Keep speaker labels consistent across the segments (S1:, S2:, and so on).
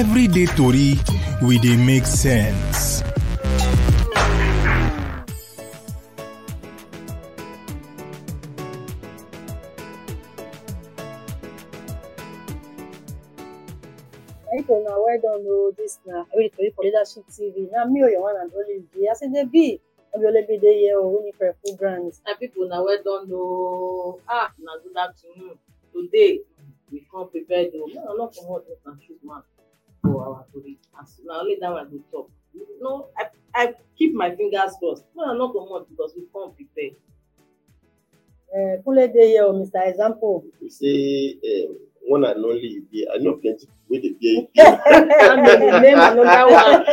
S1: everyday tori we dey make sense.
S2: well done o dis na everytori for leadership tv na me o your one and only be as e dey be abiolebe dey here o winifred full brand. my pipo na well done o ah na good afternoon today we come prepared o no, i no comot just na shoot man for our tori and na only that one i go chop you know i i keep my fingers crossed when i no go mouth because we come prepare. Eh, Kunle dey here o oh, Mr
S1: Example. You say um, one and only you dey I know plenty people wey dey dey here. Name another one.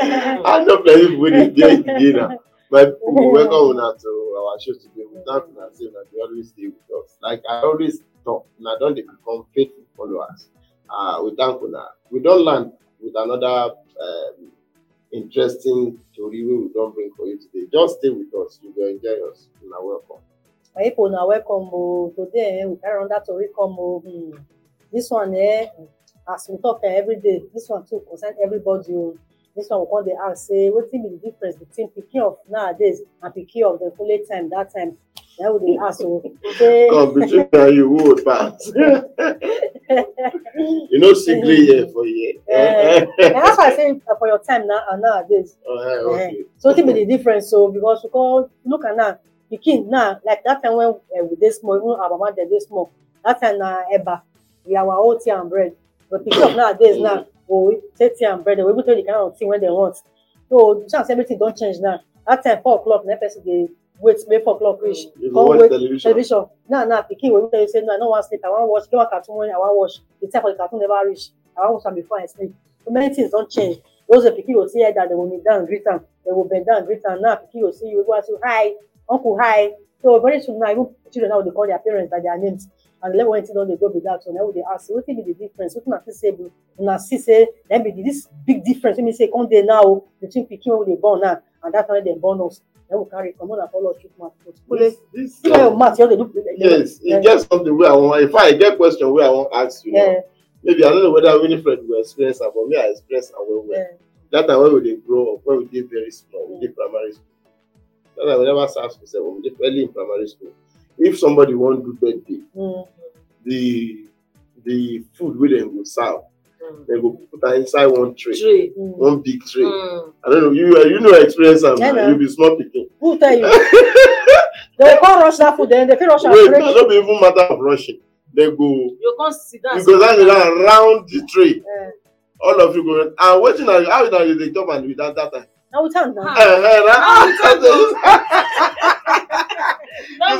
S1: I know plenty people wey dey dey here na. My people we welcome una to our show today. We thank una say una dey always dey with us. Like I always talk, una don dey become faithful followers. Uh, we thank una. We don learn with another um, interesting story we don't bring for you today. Just stay with us. You will enjoy us. You are welcome.
S2: My people, now welcome. Oh, today eh, we carry on that story. Come, oh, hmm. this one, eh, as we talk eh, every day, this one too concern everybody. Oh. This one we come dey ask, say, what the difference between picking up nowadays and picking up the fully time that time? that would be awesome. Because between
S1: now you would pass. you know, simply here for year. Eh,
S2: eh, that's why I say for your time now and uh, nowadays. Uh, okay. uh, so it be the difference. So because we call look at now, you can now like that time when uh, we did small, even our mother did small. That time now uh, Eba, we have our own tea and bread. But because of nowadays now, we take tea and bread. We even tell the kind of thing when they want. So chance everything don't change now. That time four o'clock, next person they wait make four o'clock reach come wait television, television. now now pikin wey tell you say no i no wan sleep i wan watch get one cartoon when i wan watch the time for the cartoon never reach i wan watch am before i sleep so many things don change those of pikin go see elder they go kneel down greet am they go bend down greet am now pikin go see you go ask you hi uncle hi so very soon now even children now dey call their parents by their names and the level wey things don dey go be that so na we ask say wetin be the difference wetin una fit say be una see say na be this big difference wey mean say e come dey now between pikin wey we dey born now and that time wey dem born us then we carry come on and follow chook mouth put kule kule mouth just dey look like yes
S1: e get something wey i wan if i get question wey i wan ask you yeah. maybe i don't know whether winifred go experience am but me i experience am well well yeah. that time when we dey grow up when we dey very small we dey primary school that time we never start school sef we dey early in primary school if somebody wan do birthday mm. the the food wey dem go serve Mm. they go put am inside one tray, tray. Mm. one big tray mm.
S2: i don't know you you know experience am yeah, you be small picking. who tell you They can't rush that food Then they fit rush wait no be even matter
S1: of rushing They go you
S2: go sit down you go stand down
S1: round the tray yeah. all of you go and wetin na how na you dey chop am with that that time. Eh,
S2: eh, na with hand na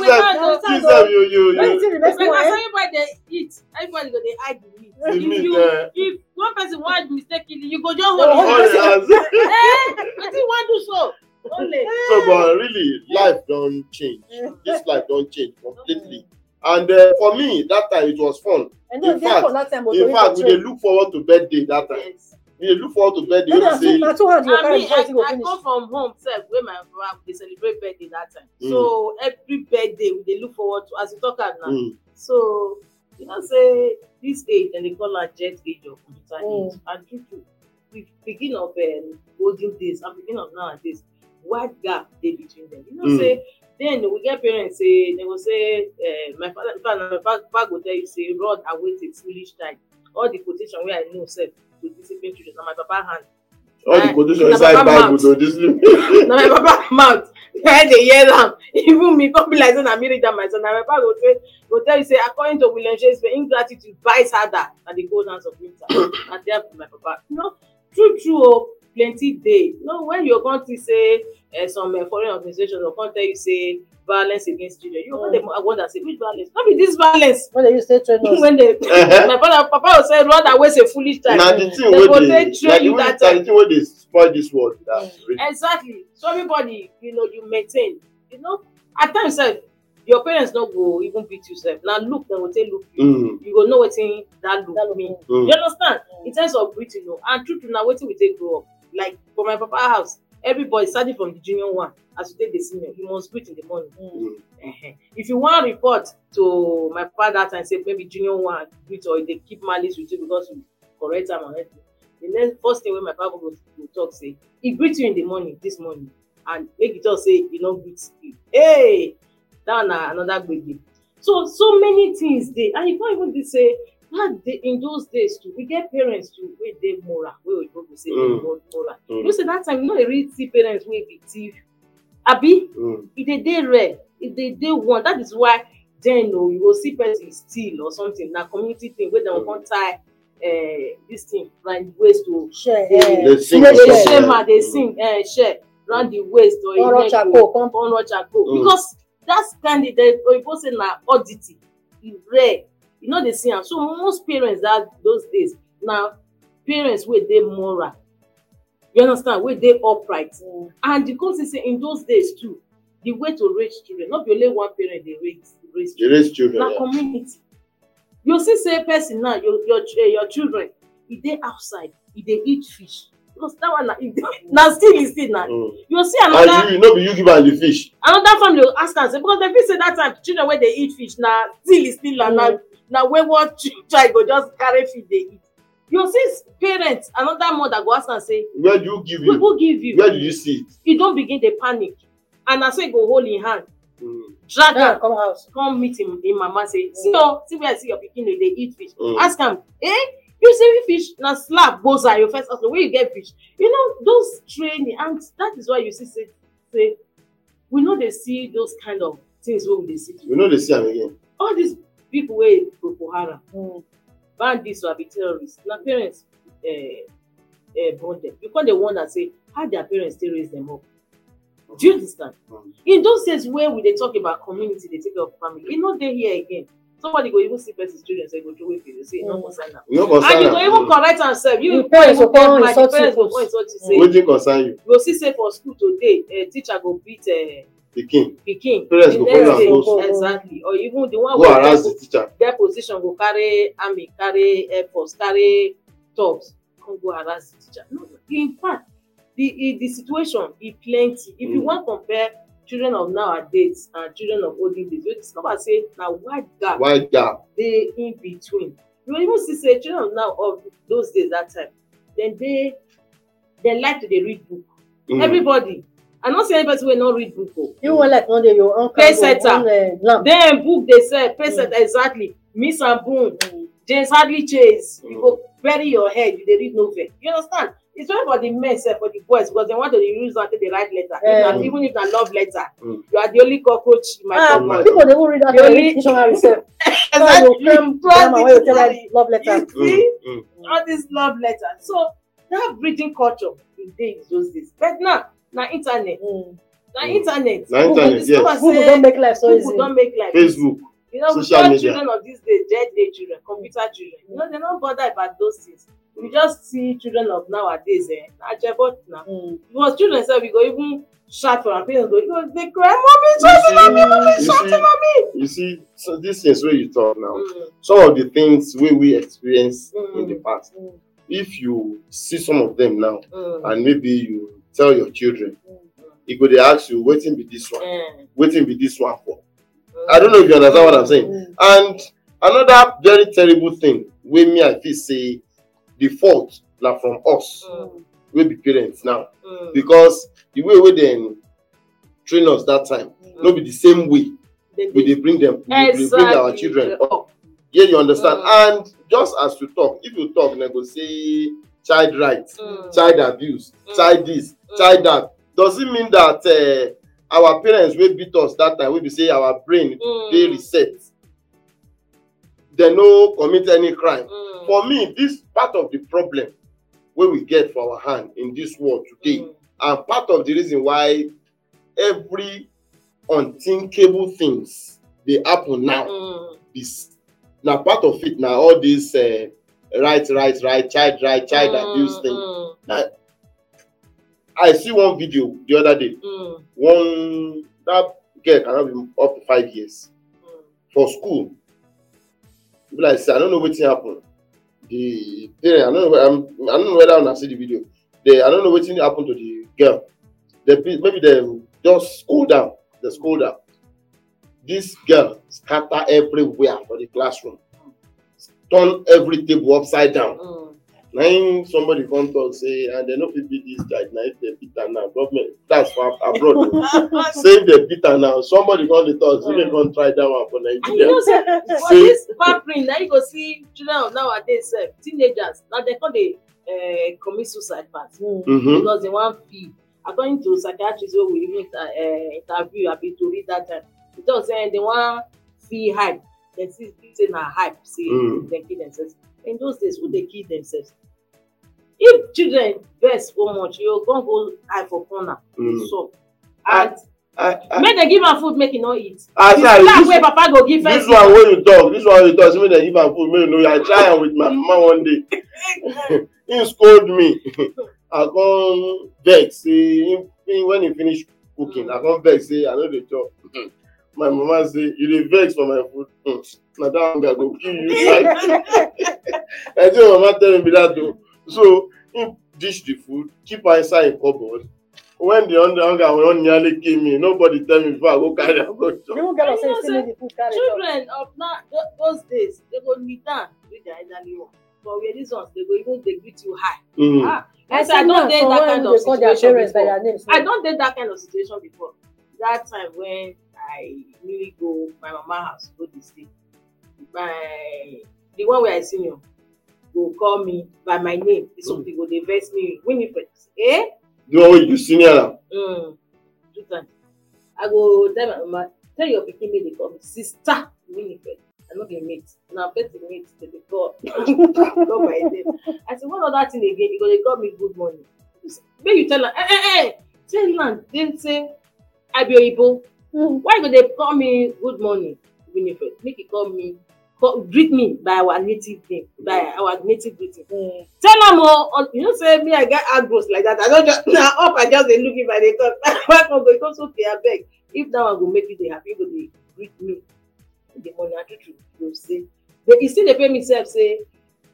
S2: no, we can you This time you you you. When eh? everybody dey eat, everybody go dey hide the meat. If you eh? if one person wan mistakenly, you go just oh, hold it. Eh, wetin wan do so? Only. So,
S1: but really, life don change. Eh. This life don change completely. Oh. and uh, for me that time it was fun. in fact in fact we they look forward to birthday that time. Yes. we dey look forward to birthday wey be say. na two hand your carry before you
S2: go i come from home sef wey my papa dey celebrate birthday that time. Mm. so every birthday we dey look forward to as you talk am now. Mm. so you know say this age dem dey call am jet age or computer mm. age and true true we begin of um, olden days and beginning of nowadays wide gap dey between them you know mm. say then we get parents say they go say uh, my father my father my papa go tell you say rod await a foolish time all the quotation wey i know sef to discipline children na my papa hand
S1: all the conditions eh, inside bible to discipline
S2: na my papa mouth head eh, dey hear am even me come be like say na me read am myself na my papa go say go tell you say according to william shakespeare ingratitude buys harder than the gold of winter na there be my papa you know true true o oh. plenty dey no when your country say uh, some uh, foreign organization or country you say violence against children you go dey wonder say which violence no be this violence. when dey use train us when dey my father papa go say run away say foolish time na the thing wey dey na the way na
S1: the thing wey dey spoil this world. Mm.
S2: exactly so everybody you know you maintain you know at times sef eh, your parents no go even beat you sef na look dem go take look you mm. you go know wetin that look mean mm. you understand mm. in terms of breathing o and true true na wetin we take grow up like for my papa house everybody starting from the junior one as you take the senior you must greet in the morning mm. mm. if you wan report to my papa that time say maybe junior one greet or dey keep malice with you because you correct am on anything the next first thing wey my papa go go talk say he greet you in the morning this morning and make you talk say you no greet you hey that na another gbege so so many things dey and you come even dey say back the, in those days too we get parents too wey dey moral wey oyibo go say dey mm. moral mm. you say that time you no dey really see parents wey be thief abi mm. e dey dey rare e dey dey one that is why then o oh, you go see person steal or something na community thing wey dem mm. come tie uh, this thing round the waist o share dey eh. share ma dey mm. sing uh, share round the waist or e neck o kon run charcoal because that kind of oyibo say na oddity e rare you know dey see am so most parents that those days na parents wey dey moral you understand wey dey upright mm. and you come see say in those days too the way to raise children no be only one parent dey raise raise children, raise children na yeah. community you see say person now your your uh, your children e dey outside e dey eat fish because that one na e dey mm. na still e still na mm. you see another and
S1: you no be you give am the fish
S2: another family go ask am say because dem fit say that time children wey dey eat fish na still e still na mm. Now when wayward child go just carry feed dey eat you see parents another mother go ask am say
S1: where do you give you who give you where do you see it
S2: you don begin dey panic and na so he go hold him hand mm. drag am come house come meet him him mama say mm. see o see where i see your pikin dey dey eat fish mm. ask am eh you see fish na slap gboza your first husband where you get fish you know those training and that is why you see say say we no dey see those kind of things wey we dey see. we no dey see am again. all this. pipo wey be boko haram hmm, bandits or be terrorists na parents eh, eh, born them. you come dey wonder say how their parents take raise them up do you understand hmm. in those days wey we dey talk about community dey take care of family e no dey here again somebody go even see person's children say e go throw away for you say e no hmm. concern am e and you go even correct am sef you go even talk like the parents go point out you say wetin concern you you go see say for school today eh, teacher go beat
S1: pikin
S2: parents go follow am go school exactly or even the one go harass the teacher get position go carry army carry air force carry tops come go harass the teacher no in fact the the situation e plenty if mm. you wan compare children of nowadays and children of olden days you discover say na wide gap wide gap dey in between you even see say children of now of those days that time dem dey dem like to dey read book mm. everybody i don't see anybody wey not read book o. Oh. you wan like one day your own pay setter eh, dem book they sell pay mm. setter exactly miss and boom. mm. james hardly chase you mm. go bury your head you dey read novel you understand it's well for the men sir. for the boys because they want to use am take dey letter um, if eh. even if a love letter mm. you are the only cockroach in my ah, family. Mm. people don't read that only dictionary sef exactly you trust dictionary you see mm. all these love letters. so that breeding culture e dey in those days but now na internet mm. na mm. internet na internet yes google don make life so easy google don make life facebook you know social media children of this day dead day children computer children you know they no bother about those things we just see children of nowadays eh na ajebo na because mm. children sef we go even shout for our parents go you know, dey cry mommy shouting at me mommy shouting at me.
S1: you see so these things wey you talk now mm. some of the things wey we experience mm. in the mm. past mm. if you see some of them now mm. and maybe you tell your children He could ask you waiting be this one mm. waiting wetin be this one for i don't know if you understand what i'm saying mm. and another very terrible thing with me i feel say the fault na from us mm. we be parents now because the way we then train us that time not no be the same way we bring them. we bring our children up yeah you understand mm. and just as you talk if you talk negotiate. child rights mm. child abuse mm. child this mm. child that does it mean that uh, our parents wey beat us that time wey be say our brain mm. dey reset dem no commit any crime mm. for me this part of the problem wey we get for our hand in this world today mm. and part of the reason why every unthinkable things dey happen now mm. is na part of it na all these. Uh, right, right, right, child, right, child mm, abuse thing. Mm. Now, I see one video the other day. Mm. One that girl cannot be up to five years mm. for school. People like say, I don't know what happened. The parent, I don't know. I'm, um, I don't know whether I see the video. The I don't know what happened to the girl. They maybe they just school down. They school down. This girl scatter everywhere for the classroom turn every table upside down. Mm. Na him somebody come talk say and ah, dem no fit beat dis guy na if dem beat am now government that's for abroad o say if dem beat am now somebody come dey talk say make come try that one for nigeria. And you know say for this
S2: pampering na you go see children nowadays sef eh, teenagers na dem come dey eh, commit suicide part. Mm. Mm-hmm. because dem wan feel according to psychiatrist wey we even uh, interview abi to read that time he talk say dem wan feel high dem see say na hype say mm. dem kill themselves in those days who dey kill themselves if children vex so much you go go eye for corner dey mm. suck
S1: and make dem give am
S2: food make e no eat the slap wey papa go
S1: give this one wey you talk this one wey you talk say make dem give am food make you e know i try am with my mama one day him scold me i come vex say when he finish cooking i come vex say i no dey chop my mama say you dey vex for my food mm, na that hunger go kill you like na wetin mama tell me be that o so him dish the food keep am inside him cupboard when the hunger don nearly kill me nobody tell me before i go carry am go chop.
S2: you get say the food children of na those days dey go kneel down greet their elderly one but where these ones dey go even dey greet you high. Mm. ah i i don dey that kind of situation before i don dey that kind of situation before that time when I really go my mama house go dey stay. My the one wey I senior go call me by my name. This mm. one dey go dey vex me. Winifred eh.
S1: The one wey you senior am.
S2: Mm. Do time. I go tell my mama tell your pikin make They call me sister Winifred. I no be mate na person mate dey dey call call my name. I say one other thing again You go dey call me good morning. Make you tell am eh eh eh tell am then say I be oyibo Mm, why you go dey call me good morning winifred make you call me call greet me by our native name by mm. our native greeting mm. tell am o you know say me i get agros like that i don just na up i just dey look if i dey talk back on go e so okay abeg if that one go make you dey happy you go dey greet me in the morning and true true you go say but e still dey pain me sef say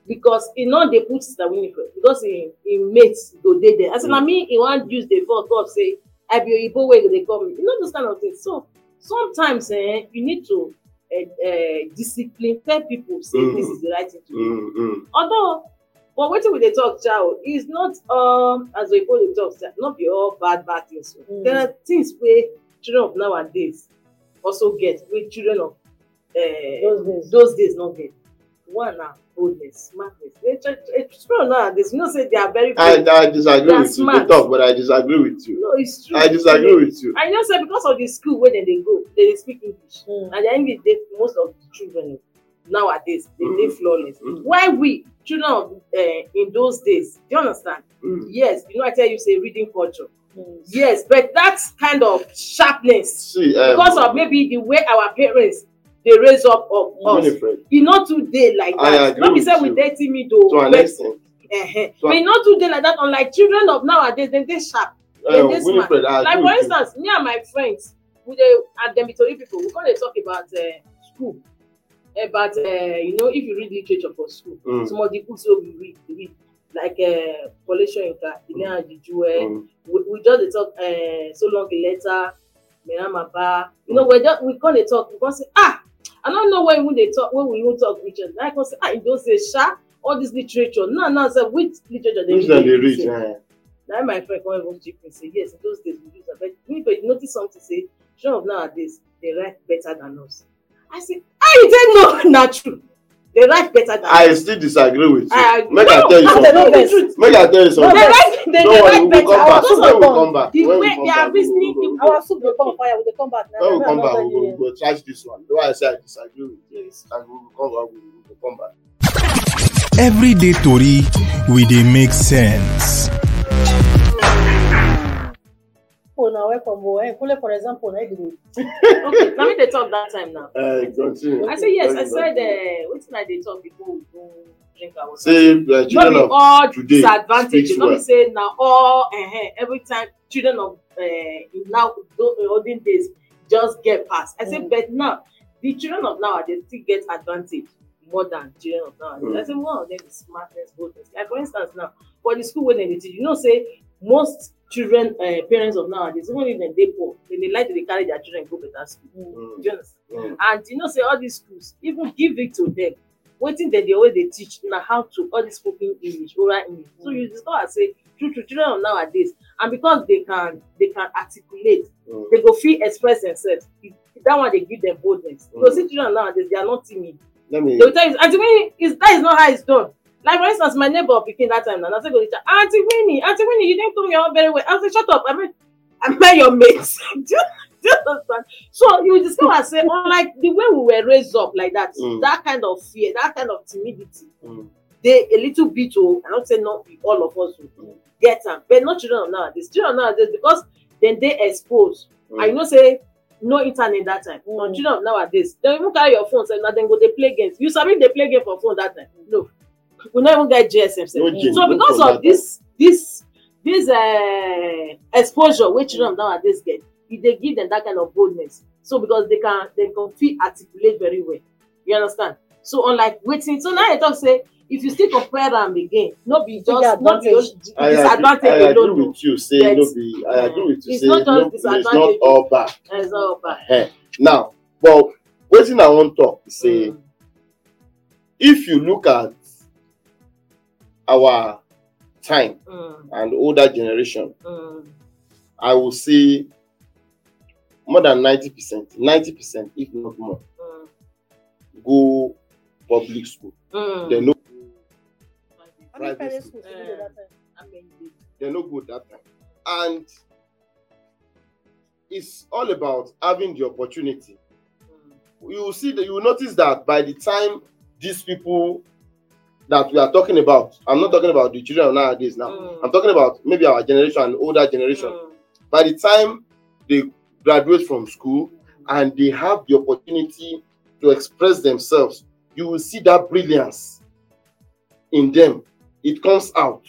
S2: because e no dey put sister winifred because im e, im e mate go dey there as na mm. me e wan use dey fall talk say i be oyibo wey go dey come you know those kind of things so sometimes eh, you need to uh, uh, discipline tell people say mm. this is the right thing to do mm, mm. although for wetin we dey talk child, is not um, as oyibo dey talk say no be all bad bad things mm. there are things wey children of nowadays also get wey children of uh, those days, those days no get one na boldness smartness it's true now this you know say they are very bold. i i
S1: disagree with smart. you talk but i disagree with you. no it's true i disagree they, with you. i know
S2: say because of the school where they go they speak english mm. and their english dey most of the children nowadays they mm. flawless mm. why we children of uh, in those days do you understand. Mm. yes you know i tell you say reading culture. Hmm. yes but that kind of sharpness. See, um, because of maybe the way our parents they raise up of us e You too today like that Not be say we dey timid o but but e no like that unlike children of nowadays dem They sharp
S1: eh, dem smart like for instance
S2: me and my friends we they at the be people. we gonna talk about uh, school about eh, uh, you know if you read literature for school mm. some of the books will be read read like Kole Soyinka Ile Ajijuwe mm. we just talk uh, so long a letter you know mm. we just we gonna talk we gonna say ah I don't know when we they talk when we even talk religion. I can say, ah, don't say sha, all this literature. No, no, sir, which literature they read? They read yeah. Now my friend come and check and say, yes, in those days we use but but you notice something say, sure of nowadays they write better than us. I say, I did not know, not true. they write better than i
S1: still disagree with you I agree. make no, i tell you something make i tell you something no worry we go come back when we come back the when are reasoning people
S2: our soup dey come fire we dey come back we come back we go we go trash
S1: this one the one i say i disagree with you and we go come back we go come back. everyday tori we dey make sense
S2: people now wey from where eh, Kule for example na dey okay na me dey talk that time now.
S1: Uh, eh, continue. I say yes I said uh,
S2: wetin I dey talk before we drink our water. say uh,
S1: children of all today disadvantage no be say
S2: now all uh, every time children of uh, in now olden days just get past. I say mm. but now the children of now they still get advantage more than children of now. mm. I say one of them is smartest boldest like for instance now for the school wey dem dey teach you know say most children, uh, parents of nowadays, even if they poor, then they like to carry their children go better school. Mm. Mm. mm. And you know, say all these schools, even give it to them. What thing they always they teach now how to all this spoken English, oral English. Mm. So you discover say true to children of nowadays, and because they can they can articulate, mm. they go feel express themselves. It, that one they give them boldness. Mm. Because see children nowadays, they are not timid. me... They will tell you, I mean, it's, that is not how it's done. Like for instance, my neighbor picking that time, and I said, Auntie Winnie, Auntie Winnie, you didn't come your own very well. I said, Shut up, I mean, am not your mate? do, you, do understand? So you discover, say, oh, like the way we were raised up like that, mm. that kind of fear, that kind of timidity, mm. they a little bit, oh, I don't say not all of us will oh, mm. get them, but not children of nowadays. Children nowadays, because then they expose. Mm. know, say, no internet that time. Mm. children of nowadays, they even carry your phone, Say now go, they play games. You submit they play game for phone that time. No we not even get gsm no so because of this this this uh, exposure wey children nowadays get if they give them that kind of boldness so because they can they can fit articulate very well you understand so unlike waiting. so now i talk say if you still compare them again no be just not be just
S1: disadvantage alone i agree with you say no be i agree with you say no it's not all bad
S2: it's all bad
S1: now but wetin i want talk say mm. if you look at our time mm. and older generation, mm. I will say more than 90%, 90%, if not more, mm. go public school. Mm. They know. Private school. They're no good that time. And it's all about having the opportunity. Mm. You will see that you will notice that by the time these people that we are talking about. I'm not talking about the children nowadays now. Mm. I'm talking about maybe our generation and older generation. Mm. By the time they graduate from school and they have the opportunity to express themselves, you will see that brilliance in them. It comes out.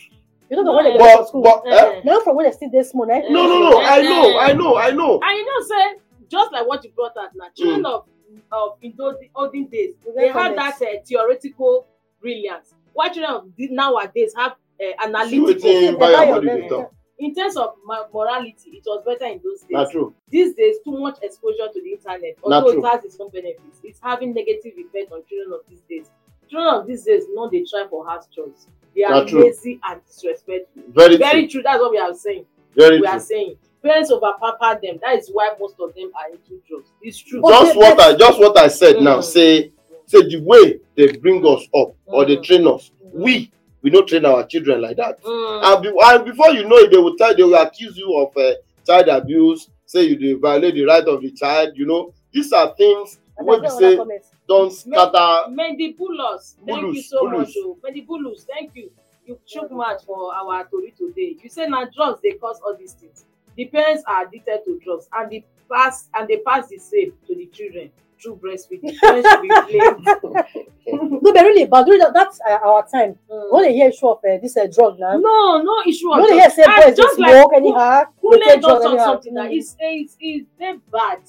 S2: You know the one that go to school. But, eh? Now from when I see this morning. No, no, no. I know, I know, I know. And you know, sir, just like what you brought out now, children mm. of of in those olden days, they had that uh, theoretical brilliance why children of nowadays have uh, eh, analytical in terms of morality it was better in those days Not true. these days too much exposure to the internet although it has its own benefits it's having negative effect on children of these days children of these days no they try for half choice. they are Not lazy true. and disrespectful very, very true. true that's what we are saying very we true. are saying parents overpamper them that is why most of them are into drugs it's true.
S1: just okay, what i just what i said mm. now say say the way they bring us up or they mm. train us we we no train our children like that mm. and, be, and before you know it they will tell they will accuse you of uh, child abuse say you dey violate the right of the child you know these are things wey be say don scatter. Oh.
S2: mendibulus thank bulus, you so bulus. much thank you you chook mouth for our tori today you say na drugs dey cause all these things the parents are addicted to drugs and the pass and they pass the same to the children True breastfeeding. no, but really, but really, that's uh, our time. Mm. Only hear issue of uh, this uh, drug now. No, no issue Only hear say ah, boys just smoke like, anyhow. Who let us on something mm. that is is is they bad,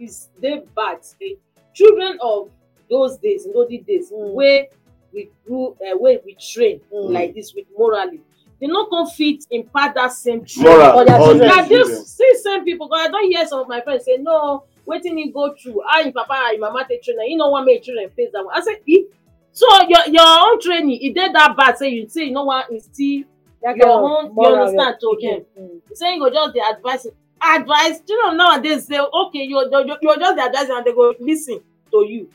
S2: is they bad. The eh, children of those days, those days, mm. where we grew, uh, where we train mm. like this with morally. they no come fit impart that same truth for their They are just see same people because I not hear some of my friends say no wetin e go through how im papa and im mama take train am e no wan make children face that one i say e so your your own training e dey that bad say you say you no wan instill like your own you understand to them mm. say you go just dey advise You know nowadays say okay you you you just dey advice and they go lis ten to you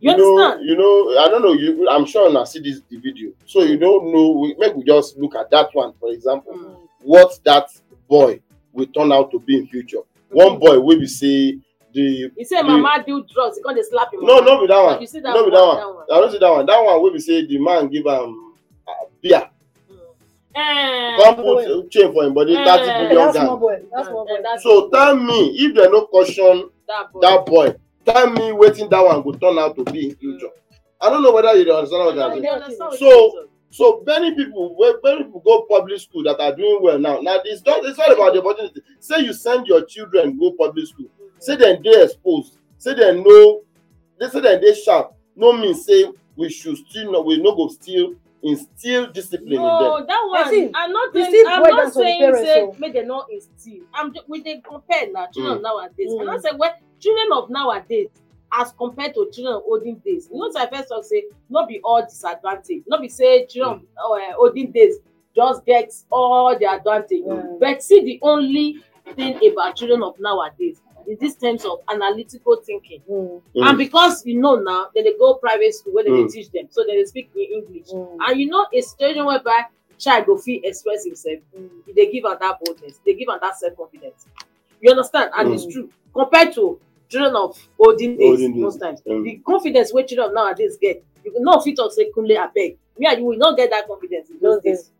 S1: you understand. you know i don't know you i'm sure una see this the video so you don't know we, we just look at that one for example mm. what that boy will turn out to be in future mm one boy will be say the you say mama
S2: do drugs He come dey slap him no no be that one you see that no one, be that one. that one
S1: i don see that one that one wey be say the man give am uh, beer
S2: mm. come put
S1: chain for him body thirty mm. million
S2: down so tell
S1: me if dem no caution that boy, that boy tell me wetin that one go turn out to be in hmm. future i don't know whether you dey understand what i'm saying so so many people wey many people go public school that are doing well now na it's not it's not about the opportunity say you send your children go public school say dem dey exposed say dem no say dem dey sharp no mean say we should still no we no go still instill discipline no, in them. no that one see, i'm not saying i'm not saying say
S2: make dem no instill i'm just we dey compare na children mm. nowadays mm. i'm not mm. saying well children of nowadays as compared to children of olden days you know say i first talk say no be all disadvantage no be say children mm. uh, olden days just get all the advantage mm. but see the only thing about children of nowadays in these terms of analytical thinking. Mm. mm. And because you know now, then they go private school where they mm. teach them, so then they speak in English. Mm. And you know, a situation whereby child go feel express himself, they give her that boldness, they give her that self confidence. You understand? And it's true compared to children of olden days olden most times. the confidence which children nowadays get, you cannot fit on say kunle abeg. Me Yeah, you will not get that confidence in those days.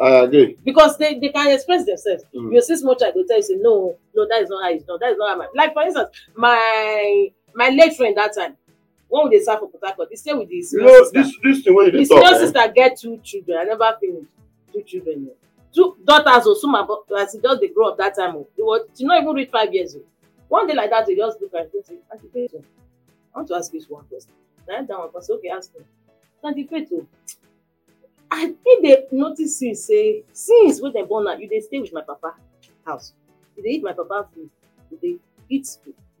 S2: I agree. Because they, they can express themselves. Mm. You see, small child will tell you, say, no, no, that is not how it's done. That is not how my like for instance, my my late friend that time, when would they serve for Port They stay with his you know, sister.
S1: This, this thing when you his eh? sister
S2: get two children. I never finished two children. Yet. Eh? Two daughters or oh, some but as he just they grow up that time, oh, they were she not even reach five years old. Oh. One day like that, they just look at me and say, oh, I want to ask this one question. Now that one person, okay, ask me. Auntie Faith, oh, i think they notice you say since wey dem born am you they stay with my papa house you dey eat my papa food you dey eat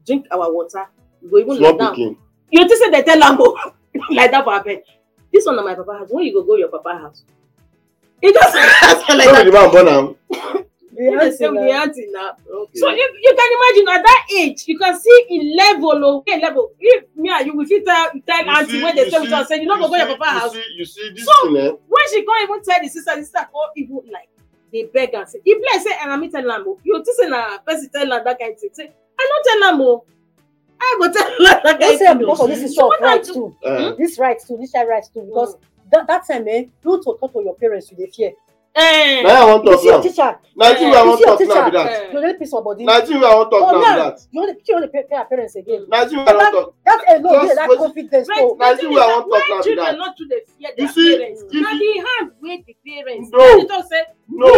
S2: drink our water you go even lie down you just say they tell am o oh, lie down for abeg this one na my papa house when you go go your papa house he just
S1: ask like that
S2: the now. Okay. So if you can imagine at that age, you can see in level of oh, okay, level. If me and you will fit tell tell auntie when they tell you say you not go go your papa house. See, you see this so thing, eh? when she can't even tell the sister, the sister can't even like they beg and say, if let's say and I'm tell Lambo, you just say na person tell Lambo that kind of thing. Say, I don't tell Lambo. Oh. I go tell Lambo that kind of thing. Because oh. this is so uh-huh. right too. This right too, this right too, because mm. that, that time, eh, you to talk to your parents, with the fear. Eh. na i wan eh. talk now na the thing wey i wan talk oh, now be that na the thing wey i wan talk now be that you only you only parents again na the thing wey i wan talk that alone dey that confidence o na the thing wey i wan talk now be that you see if na the hand wey the parents no no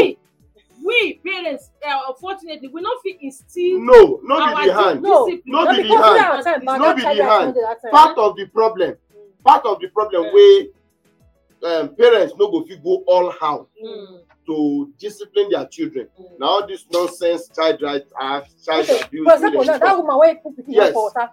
S2: we parents eh, unfortunately we no fit instill
S1: no no be the hand no no be the hand no be the hand part of the problem mm. part of the problem wey um, parents no go fit go all out mm. to discipline their children mm. na all this nonsense child right uh, child abuse. for example that woman
S2: wey put pikin for water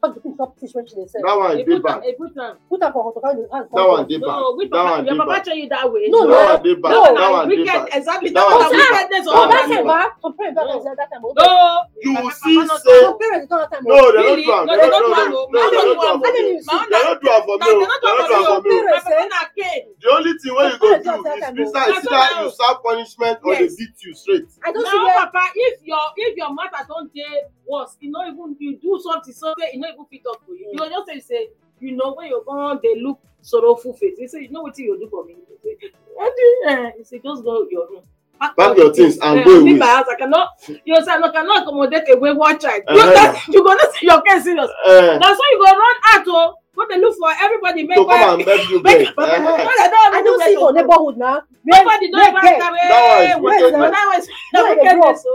S2: Because the thing is not situation themselves. That one dey bad. A good one. Put am for hand to hand. That one dey bad. No, which papa? Your papa show you that way. No, no, that one dey bad. No, that one dey bad. Exactly. That one dey bad. Oh, that time ba. Some parents don't understand that time. Oh, no,
S1: you see say. Some
S2: parents don't understand. Oh. No, they don't do am. No, they don't do am. No, they don't do am. They don't do am for me. They don't do am for
S1: me. The only thing wey you go do is oh. besides that you serve punishment or they beat you straight. I don't see where. Now, papa, if your if
S2: your matter don dey worse, you no even you do something so say you no no even fit talk to you you go just say you say you know when you come dey look sorrowful face you say you know wetin you do for me you say what do you you say just go your room pack your things and eh, go away. leave my house i cannot you know say i cannot accommodate a wayward child. Uh you know eh. you go your case serious. Uh, na so you go run out oh. go dey look for everybody make wife make papa i don't see your neighborhood now.
S1: nobody don ever carry wait na na wait na wickedness o.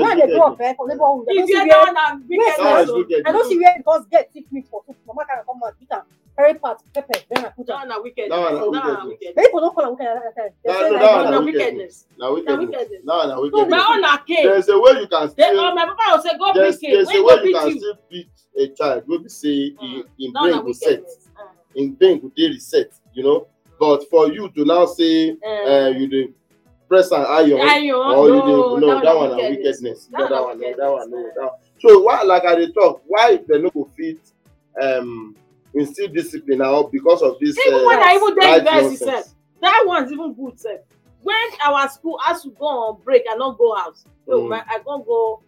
S1: na dey grow
S2: neighborhood i don see oh. see where because get thick for food mama carry Harry Potter, Pepe, then I put on. No, no, wickedness. No, no, wickedness. People don't call it wickedness at that time. No, no, wickedness.
S1: No, wickedness. No, no, wickedness. My own are king. There's a way you can
S2: still. Oh, my papa will say, go beat him. There's a way you can still
S1: beat a child. Maybe say mm. in brain go set.
S2: Mm.
S1: In brain go dey reset, you know. But for you to now say mm. uh, you dey press an iron, iron or you dey no that one a wickedness. No, that one no, that one no. So why like I dey talk, why the no go fit um we still discipline her up because of this. even uh, when i even dey university sef
S2: that one's even good sef when our school ask to go on break i no go house so mm. my i go go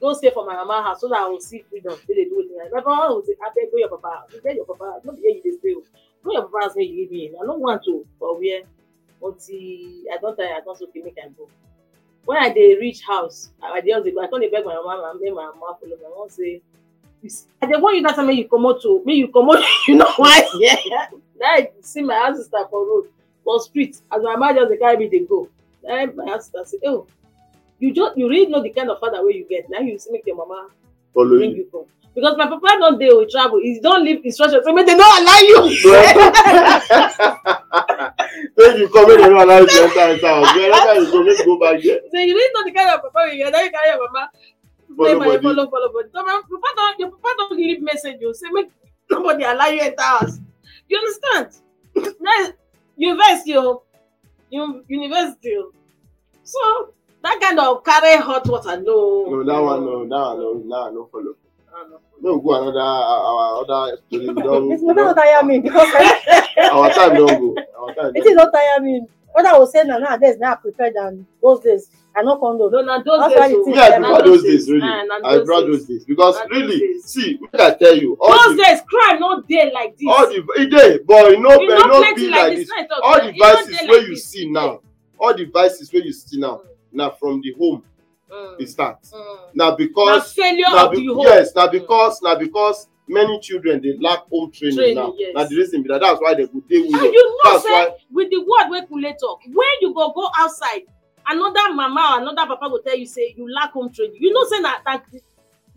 S2: go stay for my mama house so that i go see freedom wey dey do wetin i my mama go say ah, abeg go your papa house you get your papa house no be where you dey stay o oh. go your papa house make you leave me i no want to for where until i don tire i don so okay make i go when i dey reach house i dey just dey go i come dey beg my mama make my mama follow me i wan say I dey want you that time you come out to me. you come out, you know why yeah na I see my half sister for road for street as my mother just the carry me dey go Then my half sister say oh you just you really know the kind of father wey you get Now you see make your mama
S1: follow bring you come
S2: because my papa don't deal with oh, travel he don't leave instruction say they don't allow you.
S1: make you come make dem no allow you to enter enter house you you go make you go back there.
S2: so you really know the kind of papa you get na you carry your mama follow body. follow follow body. So my papa not your papa not leave message o say make nobody allow you enter house. You understand? Now university o oh, university oh. So that kind of carry hot water no.
S1: No that one no that one no that one no follow. no go another our other It's not
S2: tire me. Our time don
S1: go. Our time don It is
S2: not tire me. What I was saying now nowadays now prefer than those days. I not condom. No, not those days. Me, ah, I prefer those days, really. Nah, I prefer
S1: those days. Because nah, really, days. see, what I tell you. All those
S2: the, days, crime not there like this. All the it day,
S1: but it not, it not, not be like, like this. this. All the vices where like you this. see now, all the vices where you see now, mm. now from the home. Mm. It starts mm. now because now failure now be, of the home. yes now mm. because mm. now because many children dey lack home training, training now yes. na the reason be that that's why they go dey well and you know say why...
S2: with the word wey kule talk when you go go outside another mama or another papa go tell you say you lack home training you know say na na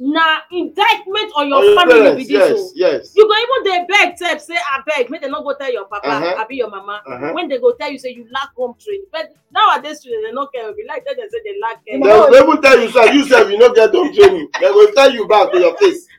S2: na indictment on your oh, your family parents, be this yes, o oh. yes. you go even dey beg sef say abeg make dem no go tell your papa uh -huh. abi your mama uh -huh. when dem go tell you say you lack home training but nowadays children dem no care be like tell dem say dem lack care. dem go even
S1: tell you say you sef you no get home training dem go tell you back to your face.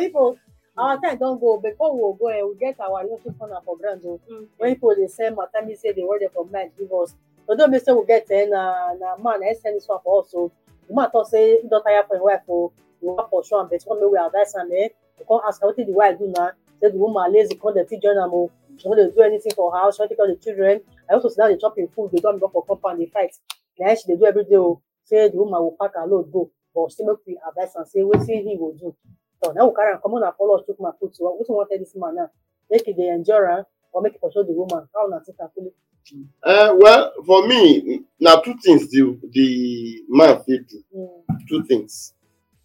S2: people, our time don go before we go eh we get our local corner for ground o when people dey sell matter mean say they wan for men give us although me say we get eh na na man eh send this one for us o the man say he don't tire for him wife oh. for we wan for am but one make we advise am eh we come ask am wetin the wife do now. say the woman lazy come dey fit join am o she no dey do anything for house she no take care of the children i also sit down they chop him food They don't go for compound dey fight na she they do everyday o oh. say the woman will pack her load go but still make we advise and say wetin he go do so now we carry am comot na follow us chook mouth put to wetin we wan tell dis man now make he dey enjoy am ah, or make he pursue the woman how una take am follow.
S1: Uh, well for me na two things the the man fit do mm. two things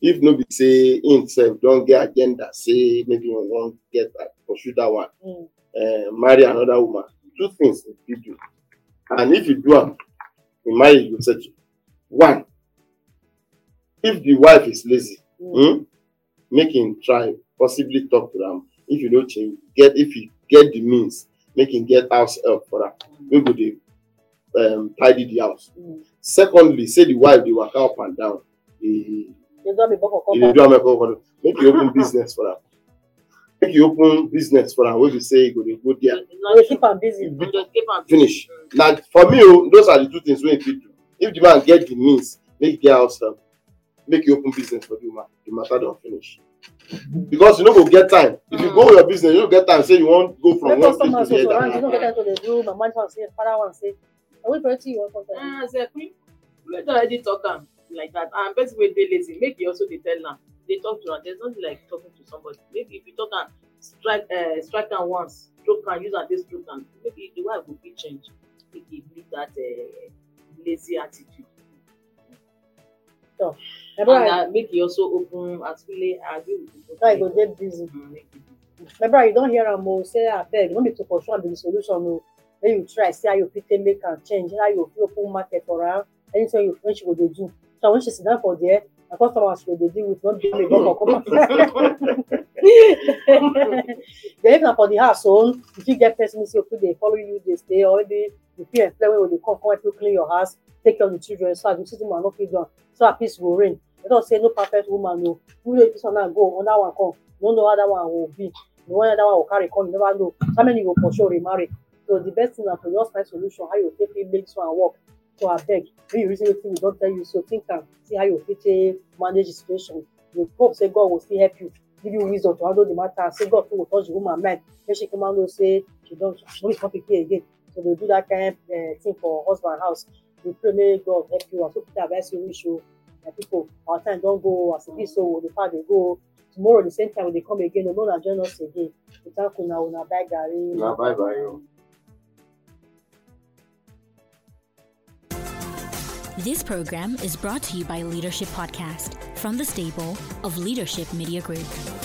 S1: if no be say him sef don get agenda say maybe he wan get uh, pursue that one mm. uh, marry another woman two things he fit do and if he do am him marriage go settle one if the wife is lazy mm. hmm, make him try possibly talk to them. if you no change get if you get the means make him get house help for that. We go dey um, tidy the house mm. secondly say the wife they walk up and down dey
S2: dey do am ekoko
S1: for make you open business for that. make you open business for that. wey be say go dey go there
S2: keep on busy
S1: finish now. for me oh, those are the two things we need to do if the man get the means make the get house help make you open business for the matter don finish because you no go get time if you go your business you no get time say you wan go from one state to the other. you
S2: get time to dey do mama one say father one say na wey plenty you wan come tell me. exactly wey don already talk am like that and person wey dey lazy make you e also dey tell am dey talk to am There's nothing like talking to somebody Maybe if you talk and strike uh, strike and once stroke and use am this stroke and maybe the wife will be changed. make e leave that uh, lazy attitude talk. and na make e also open as really argue with people. so e go dey mm, busy. my brother you don't hear am o say abeg ah, no be to pursue am the solution No, then you try see how you fit take make am change how you fit open market for am anything you wey she go dey do so when she sit down for there na customers she go dey deal with no be only government come then if na for the house own you get person wey say okay follow you They stay or maybe you fit employ when they come come to clean your house take care of the children so I go see the woman no fit do am so her peace go reign They talk say no perfect woman o you know if this one now go another one come you no know how that one will be the one that one will carry come you never know how many go sure remarry so the best thing na to just find solution how you take fit make this one work so abeg make you reason wetin we don tell you so think am see how you fit take manage the situation you hope say god go still help you give you wisdom to handle the matter say god too go touch the woman mind make she come out know say she don she no be small pikin again so they do that kind uh, thing for husband house we pray may God help you and so people you wish you people our time don't go as it is so the far they go tomorrow the same time when they come again join us again we thank bye Gary bye bye This program is brought to you by Leadership Podcast from the stable of Leadership Media Group.